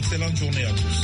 Excellente journée à tous.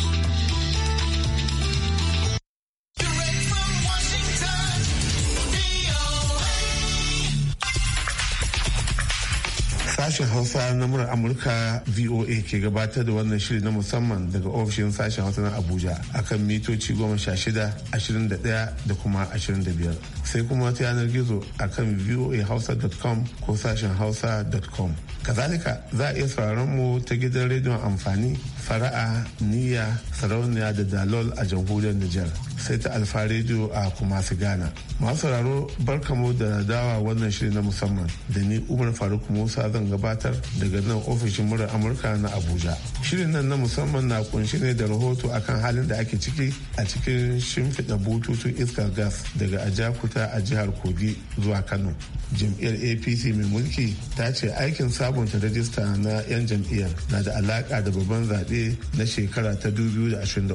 sashen hausa na murar amurka voa ke gabatar da wannan shiri na musamman daga ofishin sashen hausa na abuja akan mitoci goma sha shida ashirin da daya da kuma ashirin da biyar sai kuma ta yanar gizo a akan voahausa.com ko sashen hausa.com kazalika za a iya sauraron mu ta gidan rediyon amfani fara'a niyya sarauniya da dalol a jamhuriyar nijar sai ta alfa rediyo a kumasi ghana masu sauraro barkamu da dawa wannan shirin na musamman da ni umar faruk musa zan gabatar daga nan ofishin murar amurka na abuja shirin nan na musamman na kunshi ne da rahoto akan halin da ake ciki a cikin shimfiɗa bututun iskar gas daga ajakuta a jihar kogi zuwa kano jam'iyyar apc mai mulki ta ce aikin sabunta rajista na 'yan jam'iyyar na da alaka da babban zaɓe zaɓe na shekara ta 2023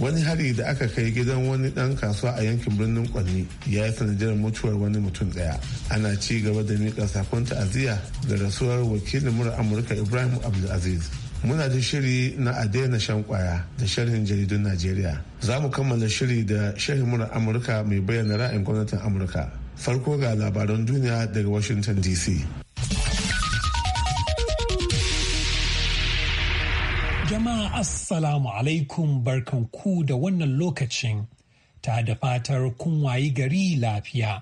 wani hari da aka kai gidan wani ɗan kasuwa a yankin birnin kwanni ya yi sanadiyar mutuwar wani mutum daya ana ci gaba da miƙa sakon ta'aziyya da rasuwar wakilin mura amurka ibrahim abdulaziz muna da shiri na adena shan kwaya da sharhin jaridun najeriya za mu kammala shiri da sharhin mura amurka mai bayyana ra'ayin gwamnatin amurka farko ga labaran duniya daga washington dc Assalamu alaikum barkan ku da wannan lokacin ta da fatar kun wayi gari lafiya.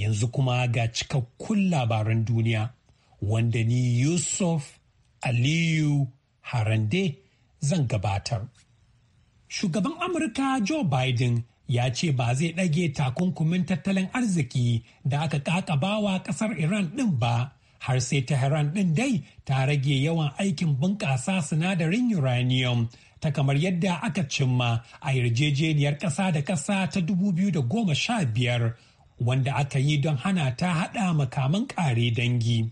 Yanzu kuma ga cikakkun labaran duniya wanda ni Yusuf Aliyu Harande zan gabatar. Shugaban Amurka Joe Biden ya ce ba zai ɗage takunkumin tattalin arziki da aka ƙaƙabawa ƙasar Iran ɗin ba har sai Tehran ɗin dai ta rage yawan aikin bunƙasa sinadarin uranium ta kamar yadda aka cimma a yarjejeniyar ƙasa da ƙasa ta 2015 wanda aka yi don hana ta haɗa makaman ƙare dangi.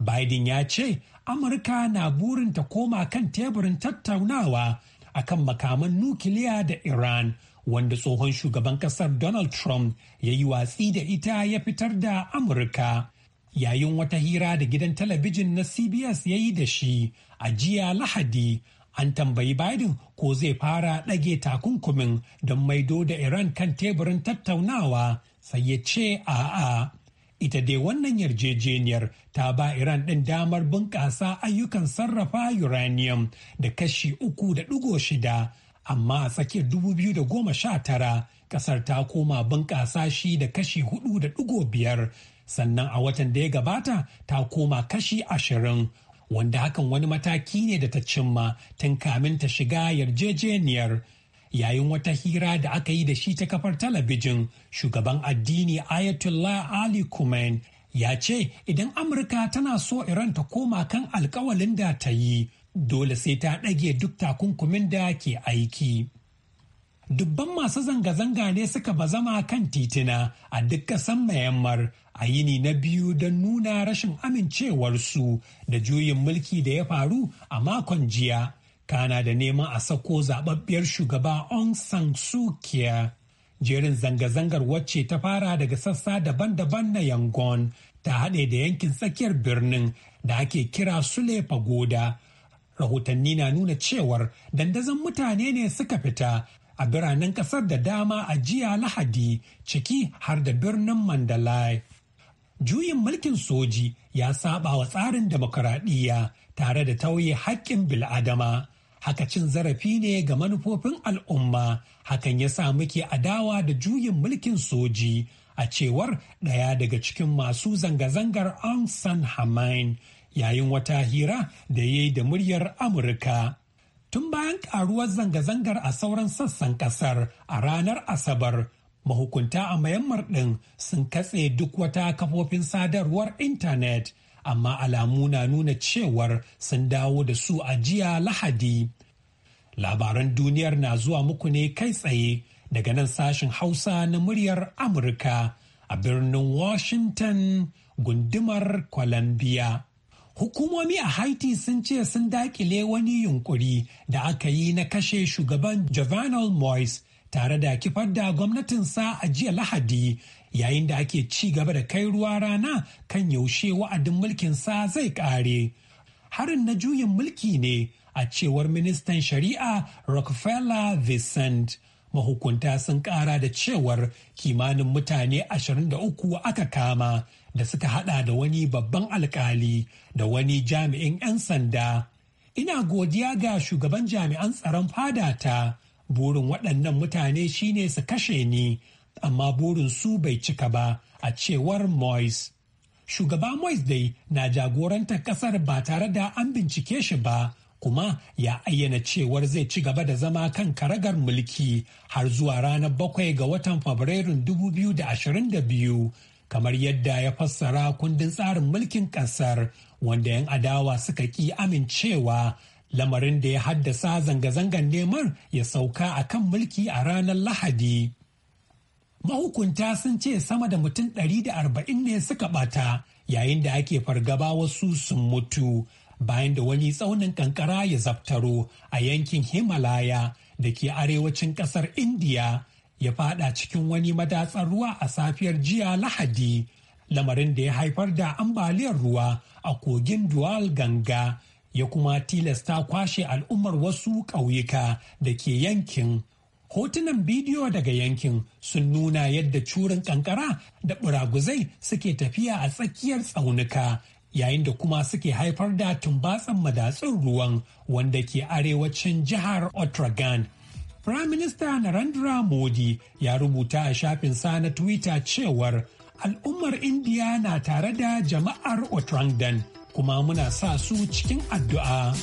Biden ya ce Amurka na burin ta koma kan teburin tattaunawa akan makaman nukiliya da Iran. wanda tsohon shugaban kasar Donald Trump ya yi watsi da ita ya fitar da Amurka yayin wata hira da gidan talabijin na CBS ya yi da shi a jiya Lahadi an tambayi Biden ko zai fara ɗage takunkumin don maido da Iran kan teburin tattaunawa sai ya ce a'a. Ita dai wannan yarjejeniyar ta ba Iran ɗin damar bunƙasa ayyukan sarrafa uranium da kashi uku da ɗigo shida amma a tsakiyar 2019 kasar ta koma bunƙasa shi da kashi 4.5 sannan a watan da ya gabata ta koma kashi 20 wanda hakan wani mataki ne da ta cimma tun kamin ta shiga yarjejeniyar yayin wata hira da aka yi da shi ta kafar talabijin shugaban addini ayatollah ali Khomeini ya ce idan amurka tana so iran ta koma kan alkawalin da ta yi dole sai ta ɗage duk takunkumin da ke aiki. Dubban masu zanga-zanga ne suka zama kan titina a duk ƙasan mayammar a yini na biyu don nuna rashin amincewarsu da juyin mulki da ya faru a makon jiya. Kana da neman a sako zababbiyar shugaba Aung San Suu Kyi. Jerin zanga-zangar wacce ta fara daga sassa daban-daban na Yangon ta haɗe da yankin tsakiyar birnin da ake kira Sule goda. rahotanni na nuna cewar dandazon mutane ne suka fita a biranen kasar da dama a jiya lahadi ciki har da birnin mandalay juyin mulkin soji ya saba wa tsarin demokaradiyya tare da tauye haƙƙin bil'adama haka cin zarafi ne ga manufofin al'umma hakan ya sa muke adawa da juyin mulkin soji a cewar ɗaya daga cikin masu zanga-zangar Aung San Hamain yayin wata hira da ya yi da muryar Amurka. Tun bayan karuwar zanga-zangar a sauran sassan kasar a ranar Asabar, mahukunta a mayammar ɗin sun katse duk wata kafofin sadarwar intanet, amma alamu na nuna cewar sun dawo da su a jiya Lahadi. Labaran duniyar na zuwa muku ne kai tsaye daga nan sashen Hausa na muryar Amurka a birnin Washington gundumar Columbia. Hukumomi a Haiti sun ce sun dakile wani yunkuri da aka yi na kashe shugaban Jovenel Moise tare da kifar da gwamnatinsa a jiya Lahadi yayin da ake ci gaba da kai ruwa rana kan yaushe wa'adin mulkinsa zai kare. Harin na juyin mulki ne a cewar ministan shari'a Rockefeller Vincent. mahukunta sun kara da cewar kimanin mutane 23 aka kama da suka hada da wani babban alkali da wani jami'in 'yan sanda ina godiya ga shugaban jami'an tsaron fadata burin waɗannan mutane shine su kashe ni amma burin su bai cika ba a cewar moise shugaba moise dai na jagorantar kasar ba tare da an bincike shi ba kuma ya ayyana cewar zai ci gaba da zama kan karagar mulki har zuwa ranar bakwai ga watan fabrairun 2022 kamar yadda ya fassara kundin tsarin mulkin kasar wanda 'yan adawa suka ƙi amincewa lamarin da ya haddasa zanga-zangar neman ya sauka a kan mulki a ranar lahadi mahukunta sun ce sama da mutum 140 ne suka bata yayin da ake fargaba wasu sun mutu bayan da wani tsaunin kankara ya zabtaro a yankin Himalaya da ke arewacin ƙasar Indiya ya fada cikin wani madatsar ruwa a safiyar jiya Lahadi, lamarin da ya haifar da ambaliyar ruwa a kogin Dual Ganga ya kuma tilasta kwashe al'ummar wasu ƙauyuka da ke yankin. Hotunan bidiyo daga yankin sun nuna yadda curin kankara da buraguzai suke tafiya a tsakiyar tsaunuka yayin da kuma suke haifar da tumbatsan madatsun ruwan wanda ke arewacin jihar Otragan. Prime Minister Narendra Modi ya rubuta a shafinsa na Twitter cewar al'ummar India na tare da jama'ar Otrangdan kuma muna sa su cikin addu'a.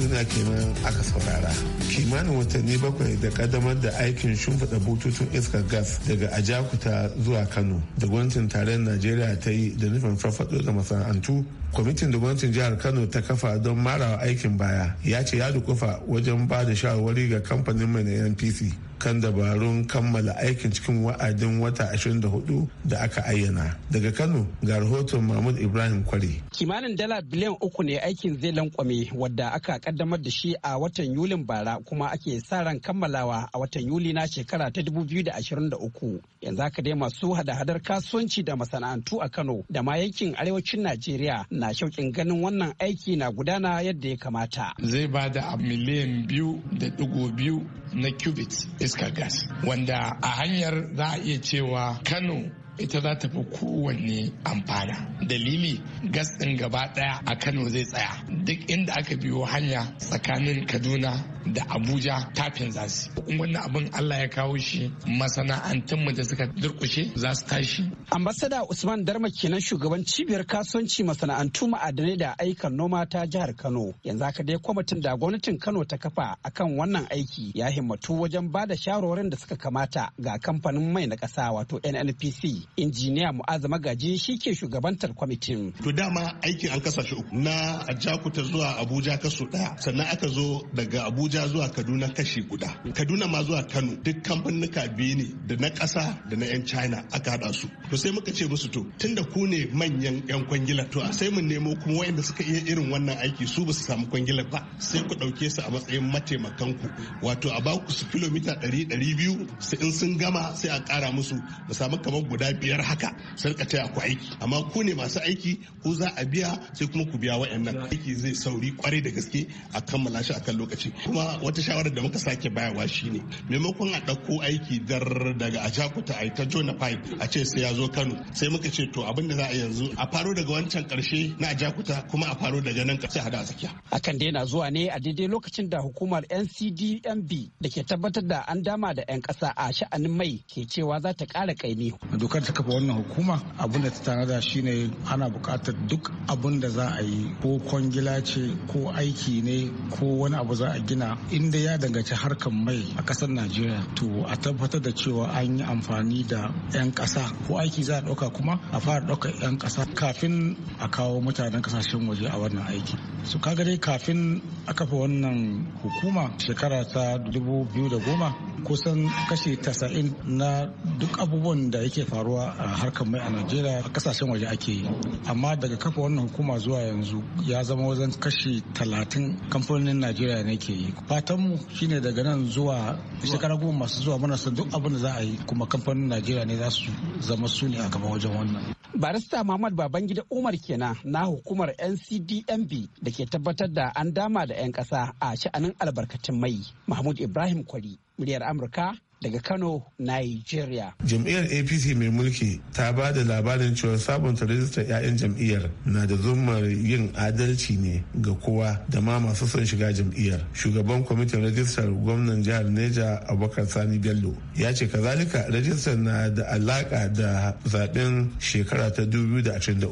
labaran kenan aka saurara kimanin watanni bakwai da kadamar da aikin shimfiɗa bututun iskar gas daga ajakuta zuwa kano da gwamnatin tarayyar najeriya ta yi da nufin farfaɗo da masana'antu kwamitin da gwamnatin jihar kano ta kafa don marawa aikin baya ya ce ya dukufa wajen ba da shawarwari ga kamfanin mai na npc kan dabarun kammala aikin cikin wa'adin wata 24 da aka ayyana. Daga Kano ga rahoton Mahmud Ibrahim Kwari. Kimanin dala biliyan uku ne aikin zai lankwame wadda aka kaddamar da shi a watan Yulin bara kuma ake sa ran kammalawa a watan Yuli na shekara ta 2023. yanzu haka dai masu hada-hadar kasuwanci da masana'antu a kano da ma yankin arewacin najeriya na shauƙin ganin wannan aiki na gudana yadda ya kamata zai ba da miliyan biyu da digo biyu na cubit iska gas wanda a hanyar za a iya cewa kano ita za ta fi kowanne amfana dalili gas ɗin gaba ɗaya a kano zai tsaya duk inda aka biyo hanya tsakanin kaduna da abuja tafin zasu in wannan abin allah ya kawo shi masana'antunmu da suka durkushe za su tashi ambasada usman darma kenan shugaban cibiyar kasuwanci masana'antu ma'adanai da aikan noma ta jihar kano yanzu haka dai kwamitin da gwamnatin kano ta kafa akan wannan aiki ya himmatu wajen ba da shawarorin da suka kamata ga kamfanin mai na kasa wato nnpc injiniya mu'azza magaji shi ke shugabantar kwamitin to dama aikin an kasa shi uku na jakuta zuwa abuja kaso daya. sannan aka zo daga abuja abuja zuwa kaduna kashi guda kaduna ma zuwa kano duk kamfanuka biyu ne da na ƙasa da na 'yan china aka hada su to sai muka ce musu to tunda ku ne manyan 'yan kwangilar to sai mu nemo kuma wayanda suka iya irin wannan aiki su ba samu kwangilar ba sai ku ɗauke su a matsayin mataimakan ku wato a baku su kilomita ɗari ɗari biyu sai in sun gama sai a ƙara musu mu samu kamar guda biyar haka sai rika taya ku aiki amma ku ne masu aiki ku za a biya sai kuma ku biya wayannan aiki zai sauri kwarai da gaske a kammala shi a kan lokaci kuma wata shawarar da muka sake bayarwa shine maimakon a ɗauko aiki dar daga a jakuta a ta jona pipe a ce sai ya zo kano sai muka ce to abin da za a yanzu a faro daga wancan karshe na jakuta kuma a faro daga nan karshe hada a tsakiya hakan dai na zuwa ne a daidai lokacin da hukumar ncdmb da ke tabbatar da an dama da 'yan ƙasa a sha'anin mai ke cewa za ta ƙara kaini dokar ta kafa wannan hukuma abin da ta tanada shine ana bukatar duk abin da za a yi ko kwangila ce ko aiki ne ko wani abu za a gina in inda ya danganci harkar mai a kasar najeriya to a tabbatar da cewa an yi amfani da 'yan kasa ko aiki za a ɗauka kuma a fara ɗaukar 'yan kasa kafin a kawo mutanen kasashen waje a wannan aiki su kaga dai kafin a kafa wannan hukuma shekara ta 2010 kusan kashi 90 na duk abubuwan da yake faruwa a harkar mai a najeriya a kasashen waje ake yi amma daga kafa wannan hukuma zuwa yanzu ya zama wajen kashi 30 kamfanonin najeriya ne ke yi fatanmu shine daga nan zuwa shekara goma masu zuwa mana san duk abin da za a yi kuma kamfanin najeriya ne za su zama su ne a gaba wajen wannan barista muhammad babangida umar kenan na hukumar ncdmb da ke tabbatar da an dama da 'yan kasa a sha'anin albarkatun mai mahmud ibrahim kwari muryar amurka daga Kano, Nigeria. Jam'iyyar APC mai mulki ta ba da labarin cewa sabunta rajistar 'ya'yan jam'iyyar na da zumar yin adalci ne ga kowa da ma masu son shiga jam'iyyar. Shugaban kwamitin rajistar gwamnan jihar Neja Abubakar Sani Bello ya ce kazalika rajistar na da alaka da zaben shekara ta 2023.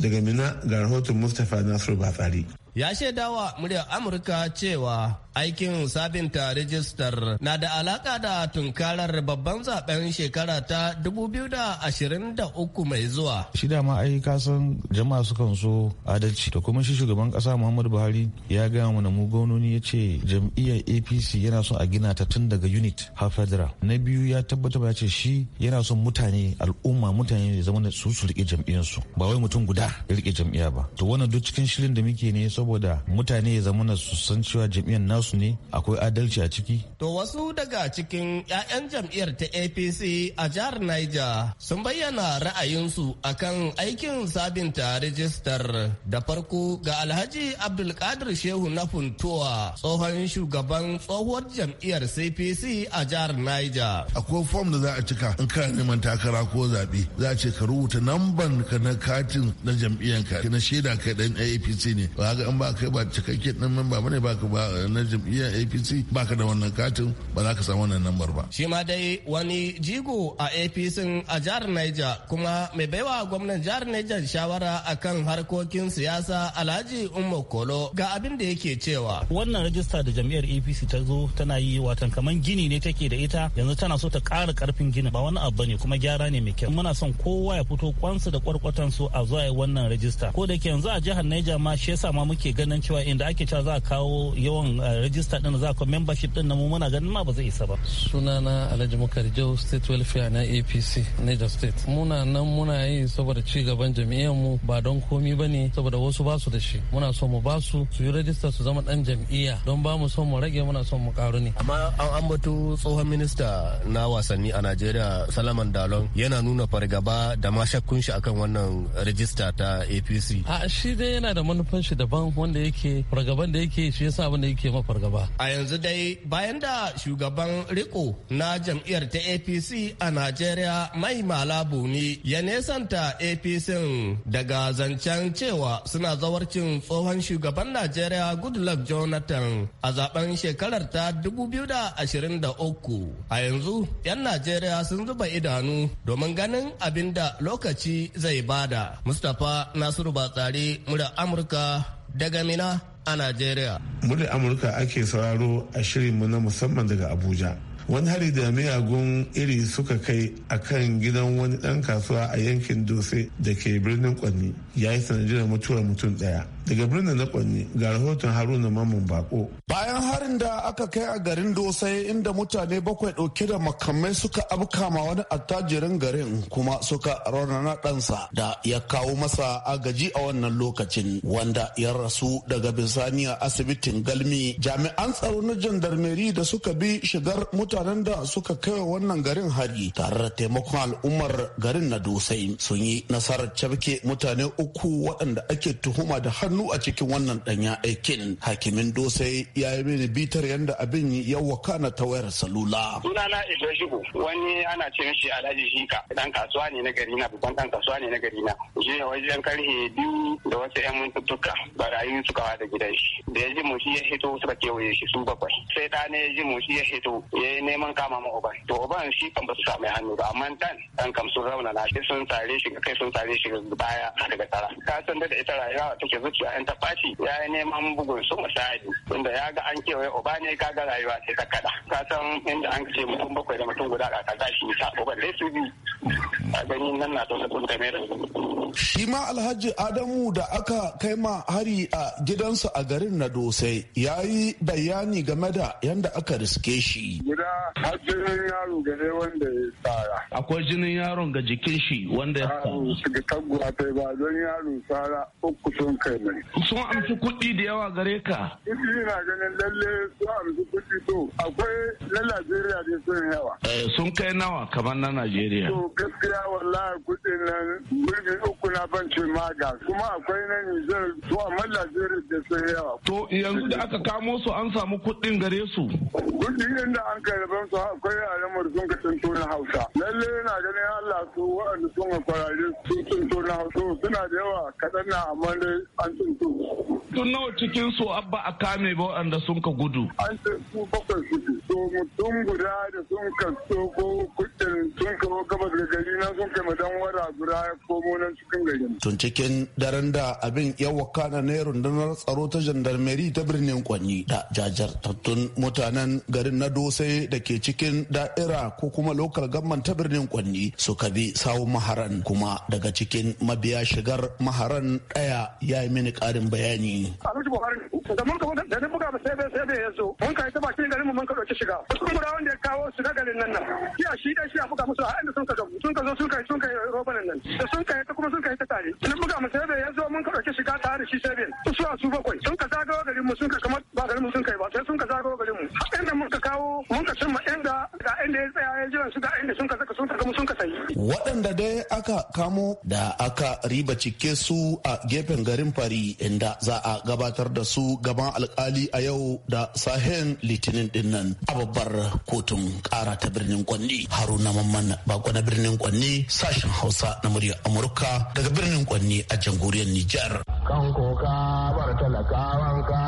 Daga Mina ga rahoton Mustapha Nasiru Batsari. Ya shaidawa muryar Amurka cewa Aikin sabinta rijistar na da alaka da tunkarar babban zaben shekara ta 2023 mai zuwa. Shi dama ai kasan jama'a sukan so adalci da kuma shi shugaban kasa Muhammadu Buhari ya gaya mana mu gononi ya ce jam'iyyar APC yana son a gina ta tun daga unit har federal. Na biyu ya tabbatar ya ce shi yana son mutane al'umma mutane ya zama su su rike su. ba wai mutum guda ya rike jam'iyya ba. To wannan duk cikin shirin da muke ne saboda mutane ya zama su san cewa jam'iyyar nasu ne akwai adalci a ciki. To wasu daga cikin 'ya'yan jam'iyyar ta APC a jihar Niger sun bayyana ra'ayinsu akan aikin sabinta rijistar da farko ga Alhaji Abdulkadir Shehu na Funtuwa tsohon shugaban tsohuwar jam'iyyar CPC a jihar Niger. Akwai fom da za a cika in ka neman takara ko zaɓe za a ce ka rubuta namban ka na katin na jam'iyyar ka na shaida kai dan APC ne ba ga an ba kai ba cikakken dan memba bane ba ka ba na jam'iyyar apc baka da wannan katin ba za ka samu wannan lambar ba shi ma dai wani jigo a apc a jihar niger kuma mai baiwa gwamnan jihar niger shawara akan harkokin siyasa alhaji umma kolo ga abin da yake cewa wannan rajista da jam'iyyar apc ta zo tana yi watan kaman gini ne take da ita yanzu tana so ta ƙara ƙarfin gini ba wani abu ne kuma gyara ne mai kyau muna son kowa ya fito kwansu da kwarkwatan su a zuwa wannan rajista ko da yanzu a jihar Niger ma shi yasa ma muke ganin cewa inda ake cewa za a kawo yawan eh, rajista din za ka membership din na mu muna ganin ma ba zai isa ba sunana Alhaji Mukari Jau State Welfare na APC Niger State muna nan muna yi saboda ci gaban jami'an mu ba don komi ba ne. saboda wasu basu da shi muna so mu basu su yi rajista su zama dan jam'iyya don ba mu son mu rage muna son mu karu ne amma an ambato tsohon minista na wasanni a Najeriya Salaman Dalon yana nuna fargaba da ma shakkun shi akan wannan rajista ta APC a shi dai yana da manufan shi daban wanda yake fargaban da yake shi yasa abin da yake mafa fargaba. A yanzu dai bayan da shugaban riko na jam'iyyar ta APC a Najeriya mai malabu ne ya nesanta APC daga zancen cewa suna zawarcin tsohon shugaban Najeriya Goodluck Jonathan a zaben shekarar ta 2023. A yanzu 'yan Najeriya sun zuba idanu domin ganin abin da lokaci zai bada. Mustapha Nasiru Batsari, murar Amurka daga Mina. a Najeriya. Muryar Amurka ake sauraro a shirinmu na musamman daga Abuja. Wani hari da miyagun iri suka kai a kan gidan wani ɗan kasuwa a yankin Dose da ke birnin Kwanni ya yi sanadiyar mutuwar mutum ɗaya. daga birnin na kwanne ga rahoton haruna mamun bako bayan harin da aka kai a garin dosai inda mutane bakwai dauke da makamai suka abkama wani attajirin garin kuma suka raunana ɗansa da ya kawo masa agaji a wannan lokacin wanda ya rasu daga bisani a asibitin galmi jami'an tsaro na jandarmeri da suka bi shigar mutanen da suka kai wannan garin hari tare da taimakon al'ummar garin na dosai sun yi nasarar cafke mutane uku waɗanda ake tuhuma da hannu hannu a cikin wannan danya aikin hakimin dosai ya yi mini bitar yadda abin ya wakana ta wayar salula. sunana ido shigo wani ana ce mishi alhaji shika dan kasuwa ne na gari na babban dan kasuwa ne na gari na je wajen karhe biyu da wasu yan mintuttuka barayi suka wada gidan shi da ya ji moshi ya hito suka kewaye shi su bakwai sai da ne ya ji moshi ya hito ya yi neman kama ma uban to uban shi kan ba su samu hannu ba amma dan dan kam sun rauna na sun tare shi kai sun tare shi baya daga tara ka san da ita rayuwa take zuci bayan ta fashi ya yi neman bugun su misali tunda ya ga an kewaye oba ne ka ga rayuwa sai ka kada ka san inda an ce mutum bakwai da mutum guda ka ga shi ta oba dai su bi a gani nan na tausa kunta kamera. shi ma alhaji adamu da aka kai ma hari a gidansa a garin na dosai ya yi bayani game da yadda aka riske shi. Gida har jinin yaro ga ne wanda ya tsara. Akwai jinin yaron ga jikin shi wanda ya tsara. Ga taguwa ta ba don yaro tsara uku sun kai mai sun amshi kuɗi da yawa gare ka ina ganin lalle sun amshi kuɗi to akwai na najeriya ne sun yawa eh, sun kai nawa kamar na najeriya to gaskiya wallahi kuɗin nan shafancin maga kuma akwai na Nijar to amma Najeriya da sun yawa. To yanzu da aka kamo su an samu kuɗin gare su. Kuɗin da an kai rabon su akwai alamar sun ka tunto na Hausa. Lalle yana ganin Allah su waɗanda sun ka kwarare sun tunto na Hausa suna da yawa kaɗan na amma dai an tunto. Tun nawa cikin su abba a kame ba waɗanda sun ka gudu. An ce su bakwai suke. To mutum guda da sun ka ko kuɗin sun kawo gabas ga gari na sun kai madan wara guda ya komo nan cikin Tun cikin daren da abin ya wakana ne rundunar tsaro ta jandarmeri ta birnin Kwanni da jajartattun mutanen garin na dosai da ke cikin da'ira ko kuma lokal gamman ta birnin Kwanni suka bi sawun maharan kuma daga cikin mabiya shigar maharan ɗaya ya yi mini ƙarin bayani. da mun da buga ba sai bai sai bai mun kai ta garin mu mun ka dauki shiga kuma da wanda ya kawo su na garin nan nan shi da shi a buga musu har inda sun ka gabu sun ka zo sun kai sun kai roban nan da sun kai ta kuma sun kai ta tare sun buga mu sai bai mun ka dauki shiga tare da shi sai bai su su bakwai sun ka zagawa garin mu sun ka kamar ba garin mu sun kai ba sai sun ka zagawa garin mu inda mun ka kawo mun ka cimma inda inda ya tsaya ya jira su inda sun kasa sun kasa sun kasa Waɗanda dai aka kamo da aka riba cike su a gefen garin Fari inda za a gabatar da su gaban alkali a yau da sahen litinin dinnan a babbar kotun ƙara ta birnin Kwanni. Haruna Mamman bako na birnin Kwanni sashen Hausa na murya Amurka daga birnin Kwanni a jamhuriyar Nijar. Kan ka bar talakawanka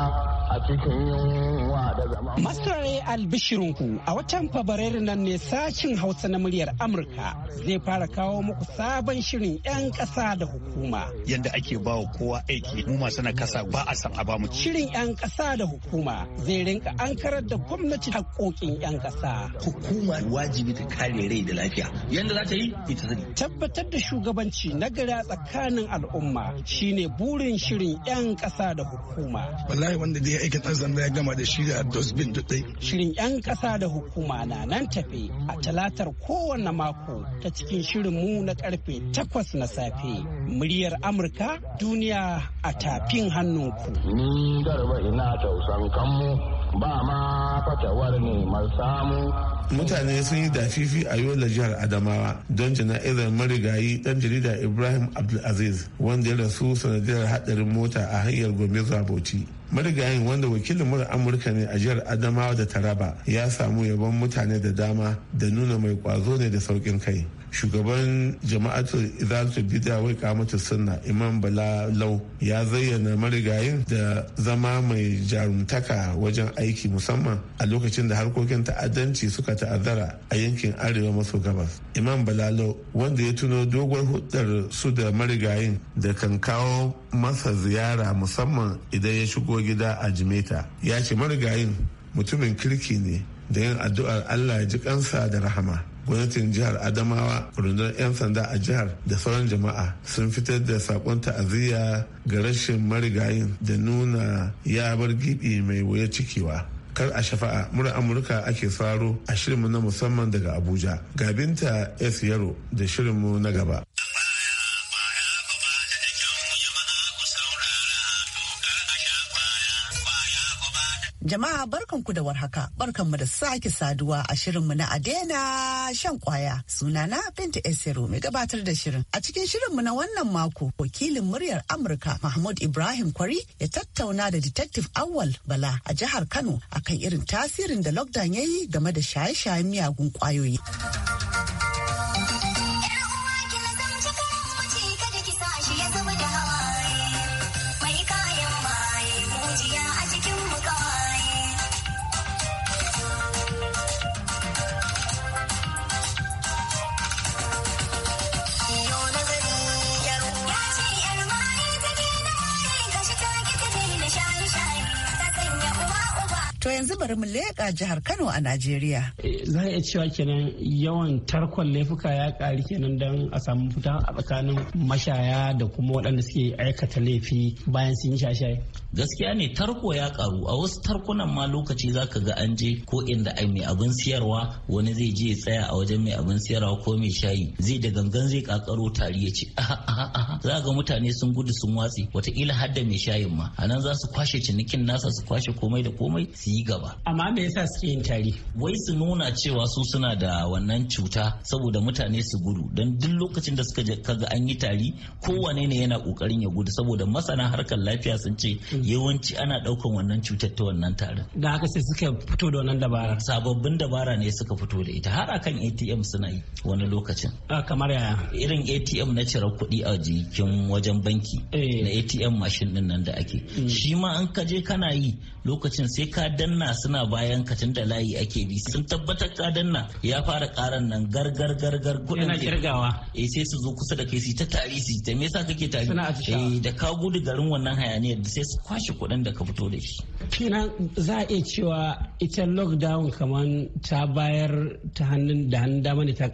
a cikin yunwa da zama. Masarare albishirinku a watan Fabrairu nan ne sashin Hausa na muryar Amurka zai fara kawo muku sabon shirin 'yan ƙasa da hukuma. Yanda ake ba wa kowa aiki mu masu na kasa ba a san a ba mu. Shirin 'yan ƙasa da hukuma zai rinka ankarar da gwamnati haƙoƙin 'yan ƙasa. Hukuma wajibi ta kare rai da lafiya. Yanda za ta yi ita sani. Tabbatar da shugabanci na gari tsakanin al'umma shine burin shirin 'yan ƙasa da hukuma. Wallahi wanda dai ya aikin ɗan da ya gama da shi da dosbin dutse. Shirin 'yan ƙasa da hukuma na nan tafe a talatar kowane mako ta cikin shirin mu na karfe takwas na safe. Muryar Amurka duniya a tafin hannunku. Ni garba ina tausan kanmu ba ma fatawar neman samu mutane sun yi dafifi a yola jihar adamawa don jana'izar marigayi ɗan jarida ibrahim abdulaziz wanda ya rasu sanadiyar hadarin mota a hanyar gombe zuwa bauchi marigayin wanda wakilin mura amurka ne a jihar adamawa da taraba ya samu yabon mutane da dama da nuna mai kwazo ne da saukin kai shugaban jama'atul izalatul bid'a wai kamata sunna imam bala lau ya zayyana marigayin da zama mai jarumtaka wajen aiki musamman a lokacin da harkokin ta'addanci suka ta'azzara a yankin arewa maso gabas imam bala lau wanda ya tuno doguwar hudar su da marigayin da kan kawo masa ziyara musamman idan ya shigo gida a jimeta ya ce marigayin mutumin kirki ne da yin addu'ar allah ya ji kansa da rahama gwamnatin jihar adamawa rundunar 'yan sanda a jihar da sauran jama'a sun fitar da sakon ta'aziyya ga rashin marigayin da nuna ya bar gibi mai wuya cikewa kar a shafa'a mura amurka ake saro a shirinmu na musamman daga abuja ga binta s yaro da shirinmu na gaba Jama'a barkanku da warhaka, barkanmu da sake saduwa a shirinmu na Adena shan kwaya. Sunana Binta Esero mai gabatar da shirin. A cikin shirinmu na wannan mako, wakilin muryar Amurka Mahmud Ibrahim Kwari ya tattauna da Detective Awal Bala a jihar Kano akan irin tasirin da lockdown ya yi game da shaye-shayen miyagun kwayoyi. yanzu bari mu leƙa jihar Kano a Najeriya. Eh, za a iya cewa kenan yawan tarkon laifuka ya ƙari kenan don a samu fita a tsakanin mashaya da kuma waɗanda suke aikata laifi bayan sun yi shashaye. gaskiya ne tarko ya karu a wasu tarkunan ma lokaci za ka ga an je ko inda ai mai abin siyarwa wani zai je tsaya a wajen mai abin siyarwa ko mai shayi zai da gangan zai kakaro tari ya ce za ga mutane sun gudu sun watse wataƙila har da mai shayin ma a nan za su kwashe cinikin nasa su kwashe komai da komai su yi gaba amma me yasa suke yin tari wai su nuna cewa su suna da wannan cuta saboda mutane su gudu dan duk lokacin da suka ga an yi tari kowane ne yana kokarin ya gudu saboda masana harkar lafiya sun ce mm. yawanci ana daukan wannan cutar ta wannan tarin da haka sai suka fito da wannan dabara sababbin dabara ne suka fito da ita har akan ATM suna yi wani lokacin ah, kamar yaya irin ATM na cire kuɗi a jikin wajen banki eh. na ATM mashin din nan da ake hmm. shi ma an kaje kana yi lokacin sai ka danna suna bayan ka da layi ake bi sun tabbatar ka danna ya fara karan nan gargar gargar kudin yana kirgawa eh sai su zo kusa da kai su ta tari su ta me yasa kake tari eh da ka gudu garin wannan hayaniyar sai su kwashe kudin da ka fito da shi kenan za a iya cewa ita lockdown kaman ta bayar ta hannun da hannun dama ne ta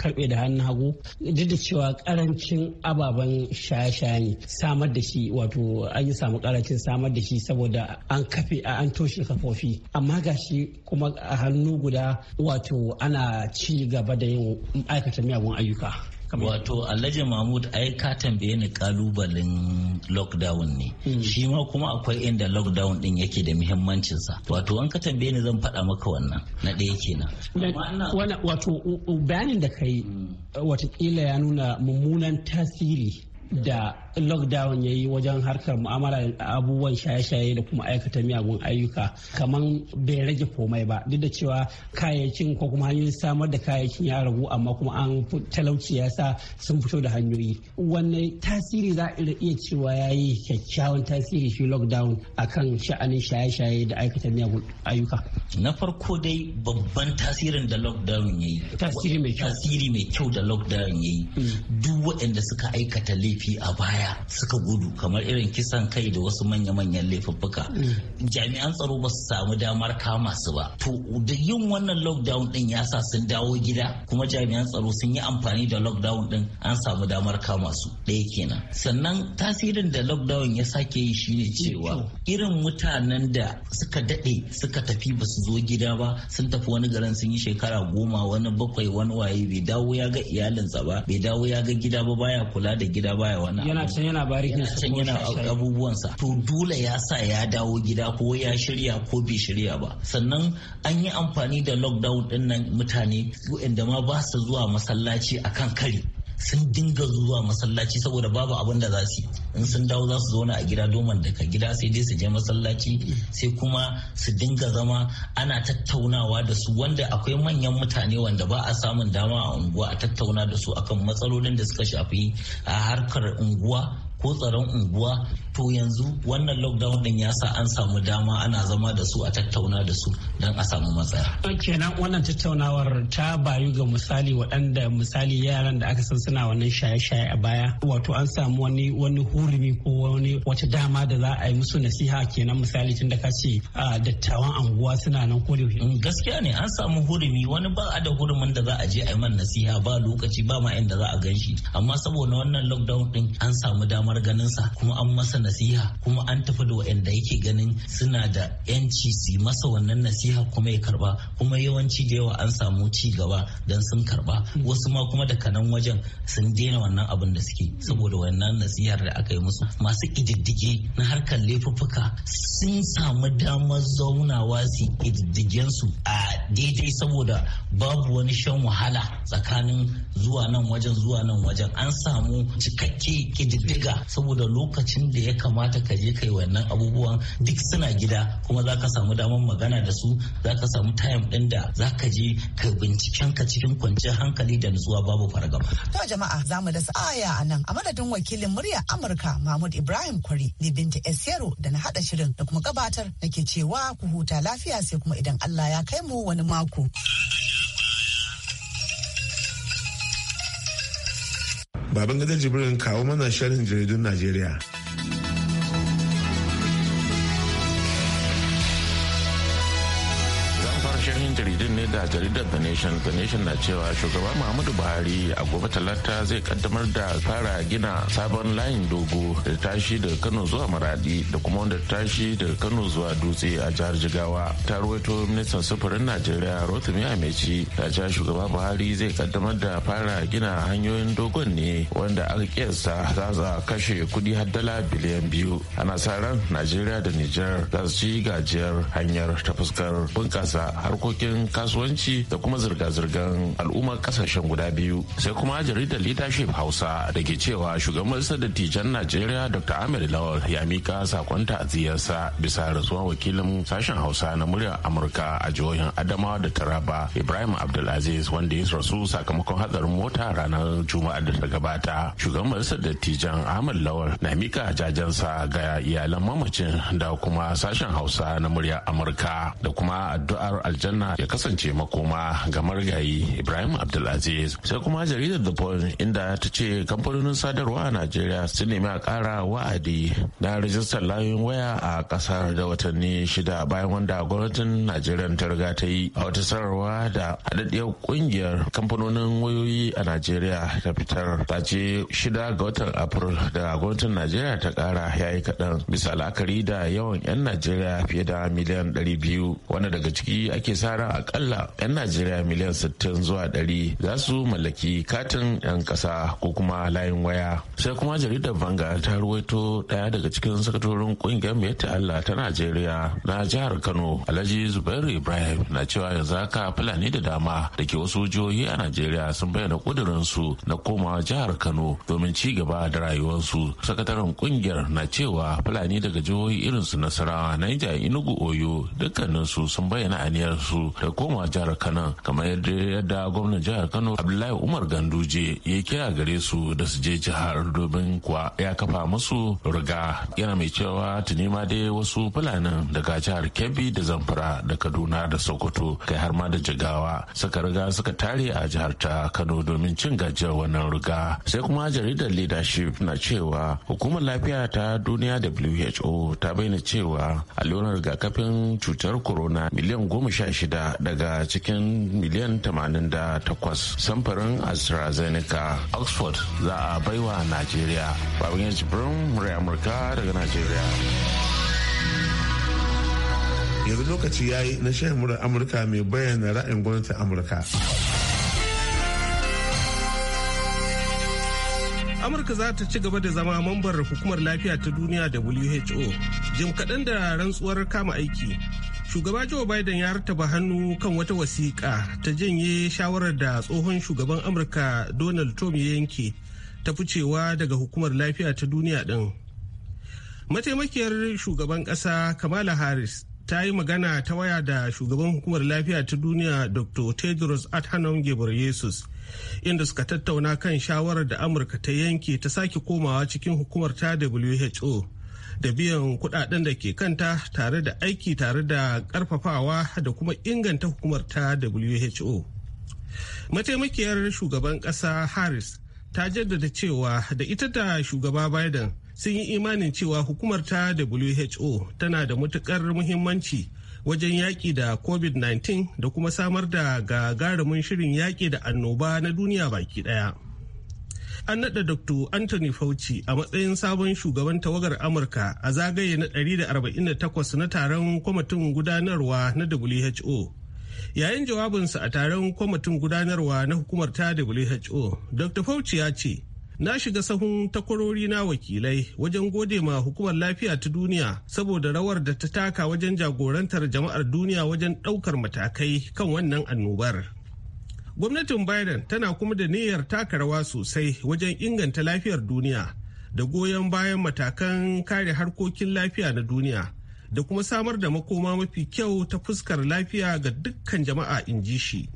karbe da hannun hagu duk da cewa karancin ababen shaye-shaye ne samar da shi wato an yi samu karancin samar da shi saboda an kafe A an toshe kafofi amma gashi kuma a hannu guda wato ana ci gaba da yin aikata miyagun ayyuka wato alhaji mahmud ai ka tambaye ni kalubalen lockdown ne hmm. shi ma kuma akwai inda lockdown din yake da muhimmancinsa wato an ka tambaye ni zan faɗa maka wannan na ɗaya kenan wato bayanin da kai hmm. watakila ya nuna mummunan tasiri da lockdown ya yi wajen harkar mu'amala abubuwan shaye-shaye da kuma aikata miyagun ayyuka kamar bai rage komai ba duk da cewa kayayyakin ko kuma hanyoyin samar da kayayyakin ya ragu amma kuma an talauci ya sa sun fito da hanyoyi wanne tasiri za a iya cewa ya yi kyakkyawan tasiri shi lockdown akan sha'anin shaye-shaye da aikata miyagun ayyuka na farko dai babban tasirin da lockdown ya yi tasiri mai kyau da lockdown ya yi mm. duk waɗanda suka aikata laifi a baya baya suka gudu kamar irin kisan kai da wasu manya-manyan laifuffuka mm. jami'an tsaro ba su samu damar kama su ba to da yin wannan lockdown din ya sa sun dawo gida kuma jami'an tsaro sun yi amfani da lockdown din an samu damar kama su ɗaya kenan sannan tasirin da lockdown ya sake yi shine mm, cewa irin mutanen da suka daɗe suka tafi ba su zo gida ba sun tafi wani garin sun yi shekara goma wani bakwai wani waye bai dawo ya ga iyalinsa ba bai dawo ya ga gida ba baya kula da gida baya wani yana can yana barikin su ko yana abubuwansa to dole ya sa ya dawo gida ko ya shirya ko bai shirya ba sannan an yi amfani da lockdown din nan mutane waɗanda ma ba su zuwa masallaci akan kari sun dinga zuwa masallaci saboda babu abin da za su in sun dawo za su zauna a gida doman daga gida sai dai su je masallaci sai kuma su dinga zama ana tattaunawa da su wanda akwai manyan mutane wanda ba a samun dama a unguwa a tattauna da su akan matsalolin da suka shafi a harkar unguwa ko tsaron unguwa to yanzu wannan lockdown din ya sa an samu dama ana zama da su a tattauna da su don a samu matsaya. kenan wannan tattaunawar ta bayu ga misali waɗanda misali yaran da aka san suna wannan shaye-shaye a baya wato an samu wani wani hurumi ko wani wata dama da za a yi musu nasiha kenan misali tun da ka ce dattawan anguwa suna nan ko mm, gaskiya ne an samu hurumi wani ba a da hurumin da za a je a yi man nasiha ba lokaci ba ma inda za a gan shi amma saboda wannan lockdown din an samu damar ganin sa kuma an masa nasiha kuma an tafi da waɗanda yake ganin suna da yanci su masa wannan nasiha kuma ya karba kuma yawanci da yawa an samu ci gaba don sun karba wasu ma kuma da kanan wajen sun daina wannan abin da suke saboda wannan nasihar da aka yi musu masu ƙididdige na harkar laifuffuka sun samu damar zaunawa su ƙididdigen su a daidai saboda babu wani shan wahala tsakanin zuwa nan wajen zuwa nan wajen an samu cikakke ƙididdiga saboda lokacin da ya kamata ka je kai wannan abubuwan duk suna gida kuma za ka samu damar magana da su za ka samu tayam ɗin da za ka je ka binciken ka cikin kwanciyar hankali da nutsuwa babu fargaba. To jama'a za mu da sa'aya a nan a madadin wakilin murya Amurka Mahmud Ibrahim Kwari ni binta Esero da na haɗa shirin da kuma gabatar nake cewa ku huta lafiya sai kuma idan Allah ya kai mu wani mako. Baban gadar Jibrin kawo mana sharhin jaridun Najeriya. sharhin jaridun ne da jaridar the nation the nation na cewa shugaba muhammadu buhari a gobe talata zai kaddamar da fara gina sabon layin dogo da tashi daga kano zuwa maradi da kuma wanda tashi daga kano zuwa dutse a jihar jigawa ta ruwaito ministan sufurin najeriya rotimi amechi ta cewa shugaba buhari zai kaddamar da fara gina hanyoyin dogon ne wanda aka kiyasta za su kashe kudi har dala biliyan biyu ana sa ran najeriya da nijar za su ci gajiyar hanyar ta fuskar bunkasa har harkokin kasuwanci da kuma zirga-zirgar al'ummar kasashen guda biyu sai kuma jaridar leadership hausa da ke cewa shugaban majalisar dattijan najeriya dr ahmed lawal ya mika sakon ta'aziyarsa bisa rasuwar wakilin sashen hausa na muryar amurka a jihohin adamawa da taraba ibrahim abdulaziz wanda ya rasu sakamakon hatsarin mota ranar juma'a da ta gabata shugaban majalisar dattijan ahmed lawal na mika jajensa ga iyalan mamacin da kuma sashen hausa na muryar amurka da kuma addu'ar al. aljanna ya kasance makoma ga marigayi ibrahim abdulaziz sai kuma jaridar the point inda ta ce kamfanonin sadarwa a najeriya sun nemi a kara wa'adi na rajistar layin waya a kasar da watanni shida bayan wanda gwamnatin najeriya ta riga ta yi a wata sararwa da haɗaɗɗiyar ƙungiyar kamfanonin wayoyi a najeriya ta fitar ta ce shida ga watan april da gwamnatin najeriya ta kara ya yi kaɗan bisa la'akari da yawan 'yan najeriya fiye da miliyan 200 wanda daga ciki ake ake sa ran akalla 'yan najeriya miliyan 60 zuwa 100 za su mallaki katin 'yan kasa ko kuma layin waya sai kuma jaridar Banga ta ruwaito daya daga cikin sakatorin kungiyar mai allah ta najeriya na jihar kano alhaji zubairu ibrahim na cewa yanzu haka fulani da dama da ke wasu jihohi a najeriya sun bayyana su na komawa jihar kano domin ci gaba da rayuwarsu sakataren kungiyar na cewa fulani daga jihohi irinsu nasarawa niger inugu oyo dukkaninsu sun bayyana aniyar su da koma jihar Kano kamar yadda gwamnan jihar Kano Abdullahi Umar Ganduje ya kira gare su da su je jihar domin kuwa ya kafa musu riga yana mai cewa tuni ma dai wasu fulani daga jihar Kebbi da Zamfara da Kaduna da Sokoto kai har ma da Jigawa suka riga suka tare a jihar ta Kano domin cin gajiyar wannan riga sai kuma jaridar leadership na cewa hukumar lafiya ta duniya WHO ta bayyana cewa allurar rigakafin cutar corona miliyan goma sha shida daga cikin miliyan 88 samfarin astrazeneca oxford za a baiwa nigeria babin yanci birnin murai amurka daga nigeria. yanzu lokaci ya yi na shehin murar amurka mai bayyana ra'ayin gwamnatin amurka amurka za ta ci gaba da zama mambar hukumar lafiya ta duniya who jim kaɗan da rantsuwar kama aiki shugaba joe biden ya rattaba hannu kan wata wasiƙa ta janye shawarar da tsohon shugaban amurka donald trump ya yanke ta ficewa daga hukumar lafiya ta duniya ɗin mataimakiyar shugaban ƙasa kamala harris ta yi magana ta waya da shugaban hukumar lafiya ta duniya dr tedros adhanom ghebreyesus inda suka tattauna kan shawarar da amurka ta yanke ta sake komawa cikin hukumar ta who da biyan kudaden da ke kanta tare da aiki tare da karfafawa da kuma inganta hukumar ta WHO. Mataimakiyar shugaban ƙasa Harris ta jaddada cewa da ita da shugaba Biden sun yi imanin cewa hukumar ta WHO tana da matukar muhimmanci wajen yaƙi da COVID-19 da kuma samar da gagarumin shirin yaƙi da annoba na duniya baki ɗaya. an naɗa Dr. Anthony Fauci a matsayin sabon shugaban tawagar Amurka a zagaye na 148 na taron kwamitin gudanarwa na WHO. Yayin jawabinsa a taron kwamitin gudanarwa na hukumar ta WHO, Dr. Fauci ya ce, Na shiga sahun takwarori na wakilai wajen gode ma hukumar lafiya ta duniya saboda rawar da ta taka wajen jagorantar jama'ar duniya wajen ɗaukar matakai kan wannan annobar. Gwamnatin Biden tana kuma da niyyar taka rawa sosai wajen inganta lafiyar duniya da goyon bayan matakan kare harkokin lafiya na duniya da kuma samar da makoma mafi kyau ta fuskar lafiya ga dukkan jama'a in ji shi.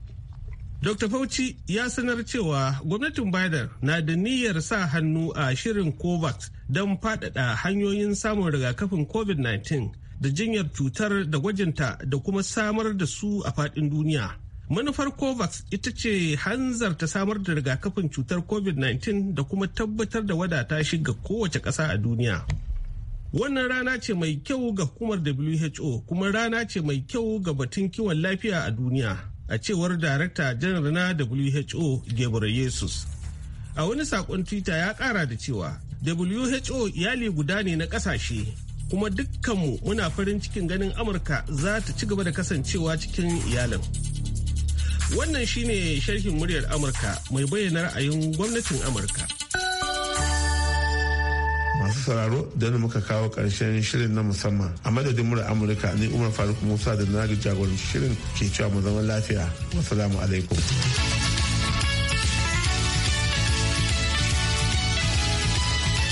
Dr. Fauci ya sanar cewa gwamnatin Biden na da niyyar sa hannu a shirin COVAX don faɗaɗa hanyoyin samun rigakafin COVID-19 da jinyar cutar da gwajinta da kuma samar da su a faɗin duniya. Manufar COVAX ita ce hanzar ta samar da rigakafin cutar COVID-19 da kuma tabbatar da wadata shi ga kowace ƙasa a duniya. Wannan rana ce mai kyau ga hukumar WHO kuma rana ce mai kyau ga batun kiwon lafiya a duniya, a cewar Darakta Janar na WHO gebre Yesus. A wani saƙon Twitter ya ƙara da cewa WHO iyali guda ne na ƙasashe kuma dukkanmu muna farin cikin ganin Amurka za ta ci gaba da kasancewa cikin iyalin. Wannan shine sharhin muryar Amurka mai bayyana ra'ayin gwamnatin Amurka. Masu sauraro don muka kawo ƙarshen shirin na musamman a madadin murar Amurka ne Umar Faruk Musa da na jagoranci shirin ke cewa mu zama lafiya. alaikum. alaikum.